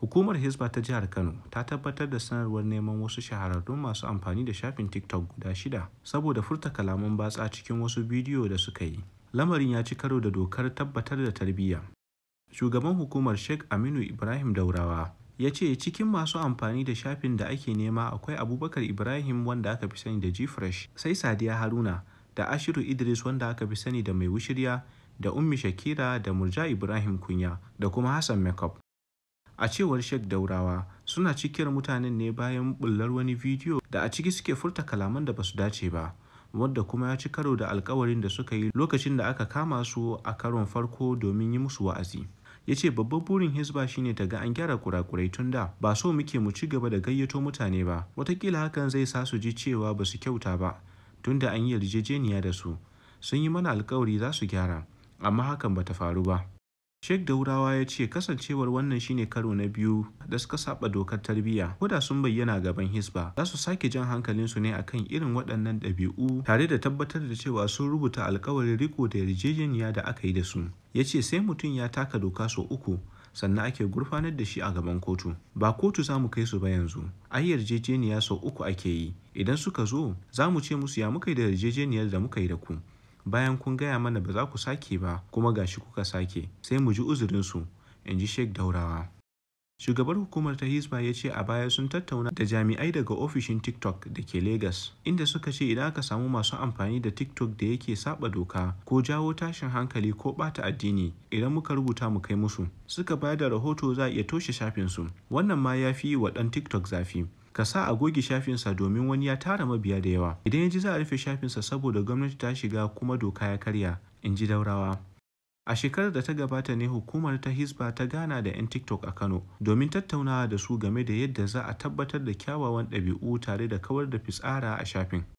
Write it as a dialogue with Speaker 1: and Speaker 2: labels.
Speaker 1: Hukumar Hisba ta Jihar Kano ta tabbatar da sanarwar neman wasu shahararrun masu amfani da shafin TikTok guda shida saboda furta kalaman batsa cikin wasu bidiyo da suka yi. Lamarin ya ci karo da dokar tabbatar da tarbiyya. Shugaban hukumar Sheikh Aminu Ibrahim Daurawa ya ce cikin masu amfani da shafin da ake nema akwai Abubakar Ibrahim wanda aka fi sani da G-Fresh, sai Sadiya Haruna da Ashiru Idris wanda aka fi sani da Mai Wushirya da Ummi Shakira da Murja Ibrahim Kunya da kuma Hassan Makeup. A cewar Sheikh Daurawa, suna cikiyar mutanen ne bayan bullar wani bidiyo da a ciki suke furta kalaman da basu dace ba, wadda kuma ya ci karo da alkawarin da suka yi lokacin da aka kama su a karon farko domin yi musu wa'azi. ya ce babban burin hisba shine ta ga an gyara kurakurai tun da ba so muke mu ci gaba da gayyato mutane ba watakila hakan zai sa su ji cewa ba su kyauta ba tun da an yi yarjejeniya da su sun yi mana alkawari za su gyara amma hakan ba ta faru ba Sheik Daurawa ya ce kasancewar wannan shine karo na biyu da suka saba dokar tarbiyya ko da sun bayyana gaban hisba za su sake jan hankalin su ne akan irin waɗannan ɗabi'u tare da tabbatar da cewa sun rubuta alkawarin riko da yarjejeniya da aka yi da su ya ce sai mutum ya taka doka sau uku sannan ake gurfanar da shi a gaban kotu ba kotu za mu kai su ba yanzu ai yarjejeniya sau uku ake yi idan suka zo za mu ce musu ya muka yi da yarjejeniyar da muka yi da ku bayan kun gaya mana ba za ku sake ba kuma gashi kuka sake sai mu ji uzurinsu in ji sheik daurawa shugabar hukumar ta hisba ya ce a baya sun tattauna da jami'ai daga ofishin tiktok da ke lagos inda suka ce idan aka samu masu amfani da tiktok da yake saba doka ko jawo tashin hankali ko bata addini idan muka rubuta mu kai musu suka bayar da rahoto za a iya toshe shafinsu wannan ma ya fi wa dan tiktok zafi ka sa a goge shafinsa domin wani ya tara mabiya da yawa idan ya ji za a rufe shafinsa saboda gwamnati ta shiga kuma doka ya karya in ji daurawa a shekarar da ta gabata ne hukumar ta hisba ta gana da 'yan tiktok a kano domin tattaunawa da su game da yadda za a tabbatar da kyawawan ɗabi'u tare da kawar da fitsara a shafin